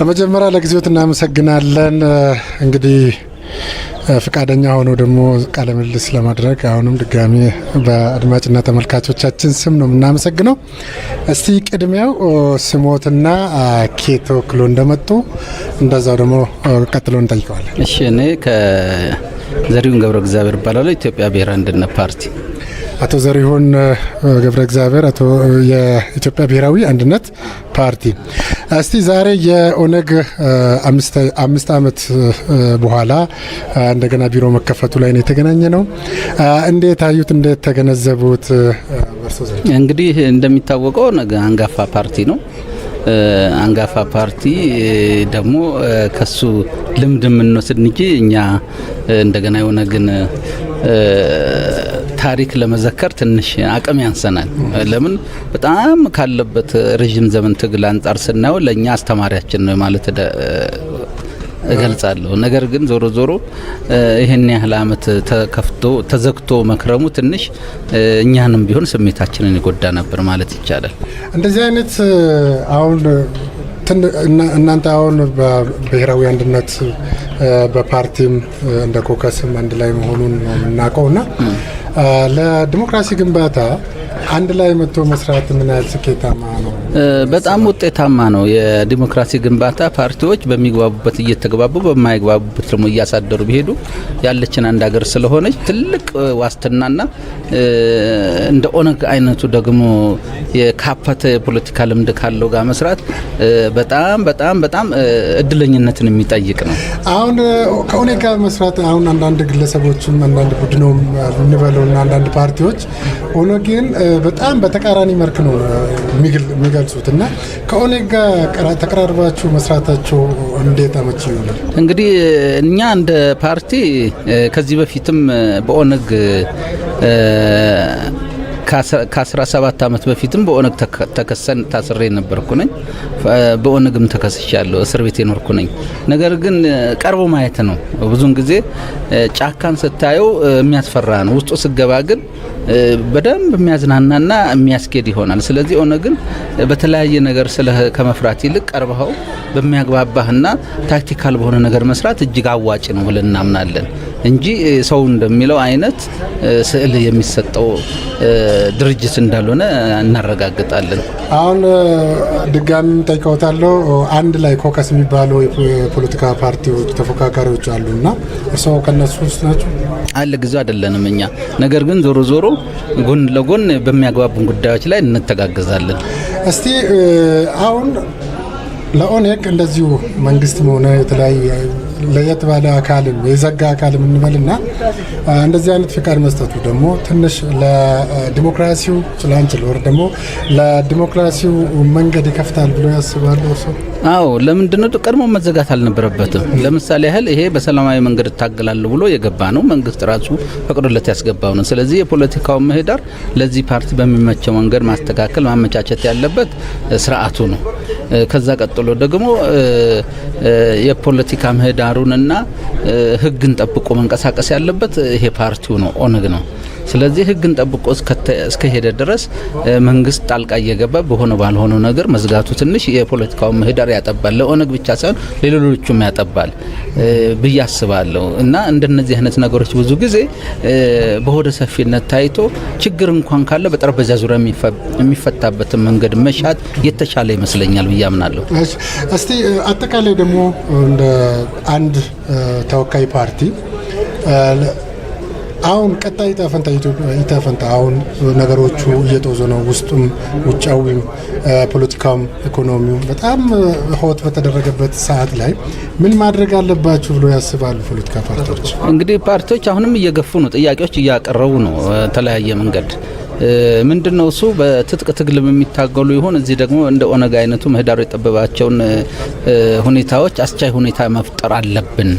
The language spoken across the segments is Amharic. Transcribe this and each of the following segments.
ለመጀመሪያ ለጊዜዎት እናመሰግናለን። እንግዲህ ፍቃደኛ ሆኖ ደግሞ ቃለ ምልልስ ለማድረግ አሁንም ድጋሚ በአድማጭና ተመልካቾቻችን ስም ነው የምናመሰግነው። እስቲ ቅድሚያው ስሞትና ኬት ተወክሎ እንደመጡ እንደዛው ደግሞ ቀጥሎ እንጠይቀዋለን። እሺ እኔ ከዘሪሁን ገብረ እግዚአብሔር እባላለሁ። ኢትዮጵያ ብሔራዊ አንድነት ፓርቲ አቶ ዘሪሁን ገብረ እግዚአብሔር አቶ የኢትዮጵያ ብሔራዊ አንድነት ፓርቲ፣ እስቲ ዛሬ የኦነግ አምስት ዓመት በኋላ እንደገና ቢሮ መከፈቱ ላይ ነው የተገናኘ ነው። እንዴት አዩት? እንዴት ተገነዘቡት? እንግዲህ እንደሚታወቀው ኦነግ አንጋፋ ፓርቲ ነው። አንጋፋ ፓርቲ ደግሞ ከሱ ልምድ የምንወስድ እንጂ እኛ እንደገና የሆነ ግን ታሪክ ለመዘከር ትንሽ አቅም ያንሰናል። ለምን በጣም ካለበት ረዥም ዘመን ትግል አንጻር ስናየው ለእኛ አስተማሪያችን ነው ማለት እገልጻለሁ። ነገር ግን ዞሮ ዞሮ ይህን ያህል አመት ተከፍቶ ተዘግቶ መክረሙ ትንሽ እኛንም ቢሆን ስሜታችንን ይጎዳ ነበር ማለት ይቻላል። እንደዚህ አይነት አሁን እናንተ አሁን በብሔራዊ አንድነት በፓርቲም እንደ ኮከስም አንድ ላይ መሆኑን ነው የምናውቀው እና ለዲሞክራሲ ግንባታ አንድ ላይ መጥቶ መስራት ምን ያህል ስኬታማ ነው? በጣም ውጤታማ ነው። የዲሞክራሲ ግንባታ ፓርቲዎች በሚግባቡበት እየተግባቡ በማይግባቡበት ደግሞ እያሳደሩ ቢሄዱ ያለችን አንድ ሀገር ስለሆነች ትልቅ ዋስትናና እንደ ኦነግ አይነቱ ደግሞ የካፓተ የፖለቲካ ልምድ ካለው ጋር መስራት በጣም በጣም በጣም እድለኝነትን የሚጠይቅ ነው። አሁን ከኦነግ ጋር መስራት አሁን አንዳንድ ግለሰቦችም አንዳንድ ቡድኖም እንበለውና አንዳንድ ፓርቲዎች ኦነግን በጣም በተቃራኒ መልክ ነው የሚገልጹት እና ከኦኔግ ጋር ተቀራርባችሁ መስራታቸው እንዴት አመቺ ይሆናል? እንግዲህ እኛ እንደ ፓርቲ ከዚህ በፊትም በኦነግ ከ17 ዓመት በፊትም በኦነግ ተከሰን ታስሬ ነበርኩ ነኝ። በኦነግም ተከስቻለሁ፣ እስር ቤት የኖርኩ ነኝ። ነገር ግን ቀርቦ ማየት ነው። ብዙን ጊዜ ጫካን ስታየው የሚያስፈራ ነው። ውስጡ ስገባ ግን በደንብ የሚያዝናናና የሚያስኬድ ይሆናል። ስለዚህ ኦነግን በተለያየ ነገር ስለ ከመፍራት ይልቅ ቀርበኸው በሚያግባባህና ታክቲካል በሆነ ነገር መስራት እጅግ አዋጭ ነው ብለን እናምናለን። እንጂ ሰው እንደሚለው አይነት ስዕል የሚሰጠው ድርጅት እንዳልሆነ እናረጋግጣለን። አሁን ድጋሚ ጠይቀውታለሁ። አንድ ላይ ኮከስ የሚባለው የፖለቲካ ፓርቲዎች ተፎካካሪዎች እና እርስዎ ከነሱ ውስጥ ናቸው? አለ ጊዜው አይደለንም እኛ። ነገር ግን ዞሮ ዞሮ ጎን ለጎን በሚያግባቡን ጉዳዮች ላይ እንተጋግዛለን። እስቲ አሁን ለኦኔግ እንደዚሁ መንግስትም ሆነ የተለያዩ ለየት ባለ አካልም የዘጋ አካልም እንበልና እንደዚህ አይነት ፍቃድ መስጠቱ ደግሞ ትንሽ ለዲሞክራሲው ጭላንጭል ወር ደግሞ ለዲሞክራሲው መንገድ ይከፍታል ብሎ ያስባሉ አዎ ለምንድነው ቀድሞ መዘጋት አልነበረበትም። ለምሳሌ ያህል ይሄ በሰላማዊ መንገድ እታገላለሁ ብሎ የገባ ነው፣ መንግስት ራሱ ፈቅዶለት ያስገባው ነው። ስለዚህ የፖለቲካው ምህዳር ለዚህ ፓርቲ በሚመቸው መንገድ ማስተካከል ማመቻቸት ያለበት ስርዓቱ ነው። ከዛ ቀጥሎ ደግሞ የፖለቲካ ምህዳሩንና ህግን ጠብቆ መንቀሳቀስ ያለበት ይሄ ፓርቲው ነው፣ ኦነግ ነው። ስለዚህ ህግን ጠብቆ እስከሄደ ድረስ መንግስት ጣልቃ እየገባ በሆነ ባልሆነው ነገር መዝጋቱ ትንሽ የፖለቲካው ምህዳር ያጠባል፣ ለኦነግ ብቻ ሳይሆን ለሌሎቹም ያጠባል ብዬ አስባለሁ እና እንደነዚህ አይነት ነገሮች ብዙ ጊዜ በሆደ ሰፊነት ታይቶ ችግር እንኳን ካለ በጠረጴዛ ዙሪያ የሚፈታበትን መንገድ መሻት የተሻለ ይመስለኛል ብዬ አምናለሁ። እስቲ አጠቃላይ ደግሞ እንደ አንድ ተወካይ ፓርቲ አሁን ቀጣይ ይታፈንታ ይታፈንታ አሁን ነገሮቹ እየጦዙ ነው። ውስጡም ውጫዊም፣ ፖለቲካውም ኢኮኖሚውም በጣም ሆት በተደረገበት ሰዓት ላይ ምን ማድረግ አለባችሁ ብሎ ያስባሉ ፖለቲካ ፓርቲዎች? እንግዲህ ፓርቲዎች አሁንም እየገፉ ነው፣ ጥያቄዎች እያቀረቡ ነው። ተለያየ መንገድ ምንድን ነው እሱ በትጥቅ ትግልም የሚታገሉ ይሆን? እዚህ ደግሞ እንደ ኦነግ አይነቱ ምህዳሩ የጠበባቸውን ሁኔታዎች አስቻይ ሁኔታ መፍጠር አለብን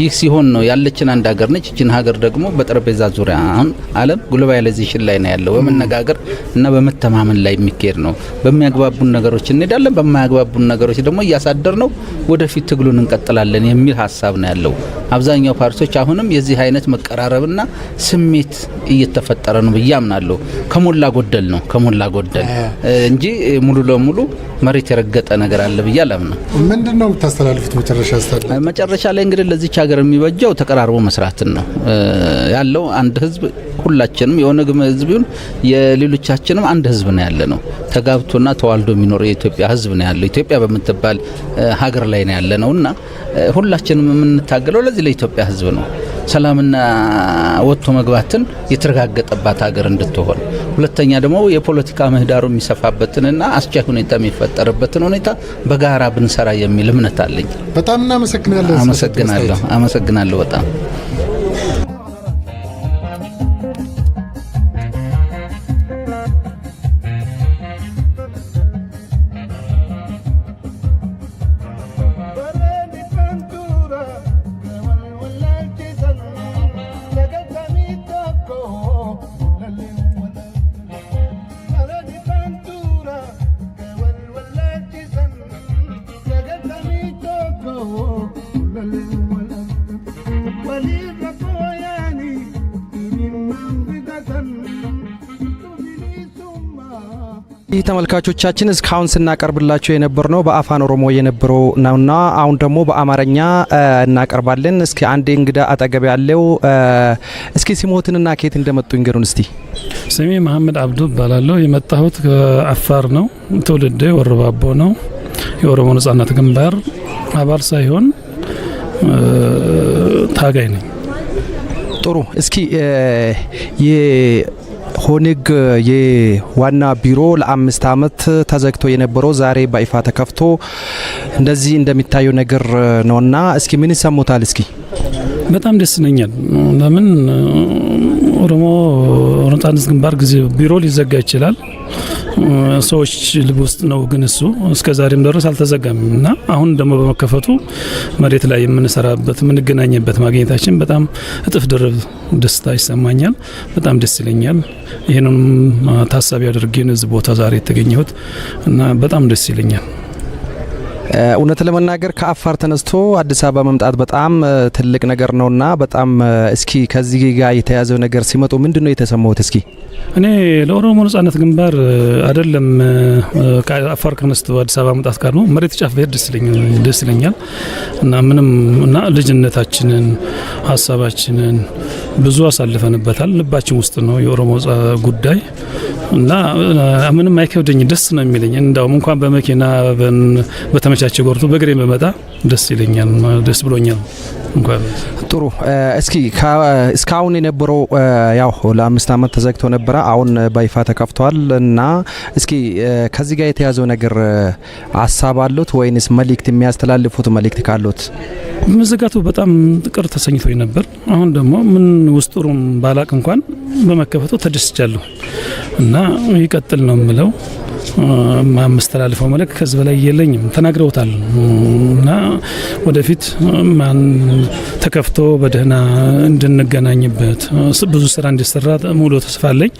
ይህ ሲሆን ነው ያለችን አንድ ሀገር ነች። እችን ሀገር ደግሞ በጠረጴዛ ዙሪያ አሁን ዓለም ግሎባላይዜሽን ላይ ነው ያለው። በመነጋገር እና በመተማመን ላይ የሚካሄድ ነው። በሚያግባቡን ነገሮች እንሄዳለን፣ በማያግባቡን ነገሮች ደግሞ እያሳደር ነው ወደፊት ትግሉን እንቀጥላለን የሚል ሀሳብ ነው ያለው። አብዛኛው ፓርቲዎች አሁንም የዚህ አይነት መቀራረብና ስሜት እየተፈጠረ ነው ብዬ አምናለሁ። ከሞላ ጎደል ነው ከሞላ ጎደል እንጂ ሙሉ ለሙሉ መሬት የረገጠ ነገር አለ ብዬ አላምነው። ምንድን ነው የምታስተላልፉት? መጨረሻ መጨረሻ ላይ እንግዲህ ለዚች ሀገር የሚበጀው ተቀራርቦ መስራትን ነው ያለው። አንድ ህዝብ ሁላችንም የኦነግ ህዝብ ይሁን የሌሎቻችንም አንድ ህዝብ ነው ያለ ነው። ተጋብቶና ተዋልዶ የሚኖር የኢትዮጵያ ህዝብ ነው ያለው። ኢትዮጵያ በምትባል ሀገር ላይ ነው ያለ ነው እና ሁላችንም የምንታገለው ለዚ ለኢትዮጵያ ሕዝብ ነው። ሰላምና ወጥቶ መግባትን የተረጋገጠባት ሀገር እንድትሆን፣ ሁለተኛ ደግሞ የፖለቲካ ምህዳሩ የሚሰፋበትንና አስቻይ ሁኔታ የሚፈጠርበትን ሁኔታ በጋራ ብንሰራ የሚል እምነት አለኝ። በጣም እናመሰግናለን። አመሰግናለሁ። አመሰግናለሁ በጣም ይህ ተመልካቾቻችን እስካሁን ስናቀርብላቸው የነበር ነው በአፋን ኦሮሞ የነበረው ነውና አሁን ደግሞ በአማርኛ እናቀርባለን። እስኪ አንዴ እንግዳ አጠገብ ያለው እስኪ ሲሞትንና ከየት እንደመጡ ይንገሩን እስቲ። ስሜ መሀመድ አብዱ እባላለሁ። የመጣሁት ከአፋር ነው። ትውልዴ ወርባቦ ነው። የኦሮሞ ነጻነት ግንባር አባል ሳይሆን ታጋይ ነኝ። ጥሩ እስኪ ሆኒግ የዋና ቢሮ ለአምስት ዓመት ተዘግቶ የነበረው ዛሬ በይፋ ተከፍቶ እንደዚህ እንደሚታየው ነገር ነውና እስኪ ምን ይሰሙታል? እስኪ በጣም ደስ ይለኛል። ለምን ኦሮሞ ነጻነት ግንባር ጊዜ ቢሮ ሊዘጋ ይችላል ሰዎች ልብ ውስጥ ነው። ግን እሱ እስከ ዛሬም ድረስ አልተዘጋም እና አሁን ደግሞ በመከፈቱ መሬት ላይ የምንሰራበት የምንገናኝበት ማግኘታችን በጣም እጥፍ ድርብ ደስታ ይሰማኛል። በጣም ደስ ይለኛል። ይህንም ታሳቢ አድርጌ እዚህ ቦታ ዛሬ የተገኘሁት እና በጣም ደስ ይለኛል። እውነት ለመናገር ከአፋር ተነስቶ አዲስ አበባ መምጣት በጣም ትልቅ ነገር ነውና በጣም እስኪ ከዚህ ጋር የተያዘው ነገር ሲመጡ ምንድን ነው የተሰማሁት? እስኪ እኔ ለኦሮሞ ነጻነት ግንባር አይደለም ከአፋር ተነስቶ አዲስ አበባ መምጣት ጋር ነው መሬት ጫፍ ብሄድ ደስ ይለኛል እና ምንም እና ልጅነታችንን ሀሳባችንን ብዙ አሳልፈንበታል። ልባችን ውስጥ ነው የኦሮሞ ጉዳይ እና ምንም አይከብደኝ፣ ደስ ነው የሚለኝ። እንዳውም እንኳን በመኪና በተመቻቸ ጎርቶ በእግሬ በመጣ ደስ ይለኛል፣ ደስ ብሎኛል። እንኳን ጥሩ። እስኪ እስካሁን የነበረው ያው ለአምስት አመት ተዘግቶ ነበረ፣ አሁን በይፋ ተከፍቷል እና እስኪ ከዚህ ጋር የተያዘው ነገር ሀሳብ አሉት ወይንስ መልእክት የሚያስተላልፉት መልእክት ካሉት? መዘጋቱ በጣም ጥቅር ተሰኝቶ ነበር። አሁን ደግሞ ምን ውስጡሩም ባላቅ እንኳን በመከፈቱ ተደስቻለሁ እና ይቀጥል ነው የምለው። ማስተላልፈው መልእክት ከዚህ በላይ የለኝም። ተናግረውታል እና ወደፊት ማን ተከፍቶ በደህና እንድንገናኝበት ብዙ ስራ እንዲሰራ ሙሉ ተስፋ አለኝ።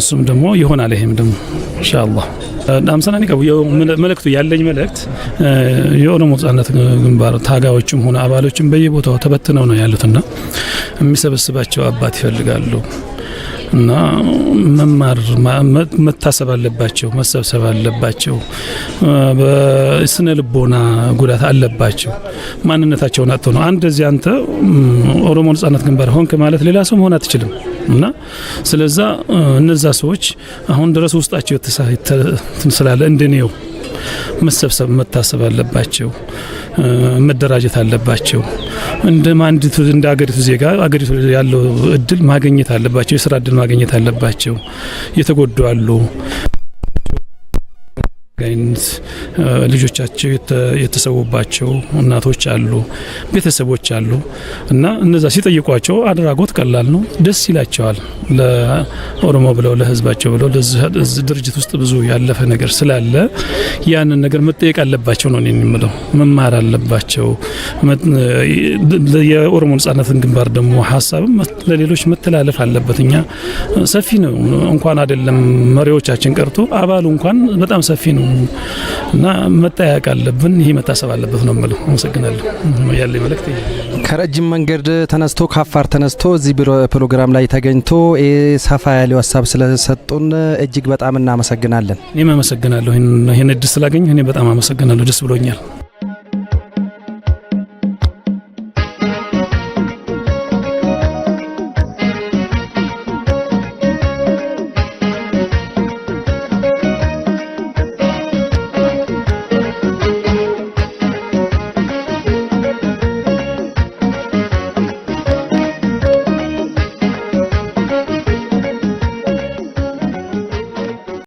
እሱም ደግሞ ይሆናል። ይሄም ደግሞ ኢንሻአላህ አምሳና ኒቀቡ መልእክቱ ያለኝ መልእክት የኦሮሞ ነጻነት ግንባር ታጋዎችም ሆነ አባሎችም በየቦታው ተበትነው ነው ያሉትና የሚሰበስባቸው አባት ይፈልጋሉ። እና መማር መታሰብ አለባቸው፣ መሰብሰብ አለባቸው። በስነ ልቦና ጉዳት አለባቸው። ማንነታቸውን አጥቶ ነው። አንድ እዚህ አንተ ኦሮሞ ነጻነት ግንባር ሆንክ ማለት ሌላ ሰው መሆን አትችልም። እና ስለዛ እነዛ ሰዎች አሁን ድረስ ውስጣቸው ስላለ እንደኔው መሰብሰብ መታሰብ አለባቸው፣ መደራጀት አለባቸው። እንደ ማንዲቱ እንደ አገሪቱ ዜጋ አገሪቱ ያለው እድል ማግኘት አለባቸው። የስራ እድል ማግኘት አለባቸው። የተጎዱ አሉ። ጋይነት ልጆቻቸው የተሰዉባቸው እናቶች አሉ፣ ቤተሰቦች አሉ እና እነዛ ሲጠይቋቸው አድራጎት ቀላል ነው፣ ደስ ይላቸዋል። ለኦሮሞ ብለው ለህዝባቸው ብለው ለዚህ ድርጅት ውስጥ ብዙ ያለፈ ነገር ስላለ ያንን ነገር መጠየቅ አለባቸው ነው የምለው። መማር አለባቸው። የኦሮሞ ነጻነትን ግንባር ደግሞ ሀሳብም ለሌሎች መተላለፍ አለበት። እኛ ሰፊ ነው እንኳን አይደለም መሪዎቻችን ቀርቶ አባሉ እንኳን በጣም ሰፊ ነው። እና መጠያየቅ አለብን። ይህ መታሰብ አለበት ነው የምለው። አመሰግናለሁ። ያለ መልእክት ከረጅም መንገድ ተነስቶ ከአፋር ተነስቶ እዚህ ፕሮግራም ላይ ተገኝቶ ሰፋ ያለው ሀሳብ ስለሰጡን እጅግ በጣም እናመሰግናለን። እኔም አመሰግናለሁ። ይህን እድል ስላገኘ እኔ በጣም አመሰግናለሁ። ደስ ብሎኛል።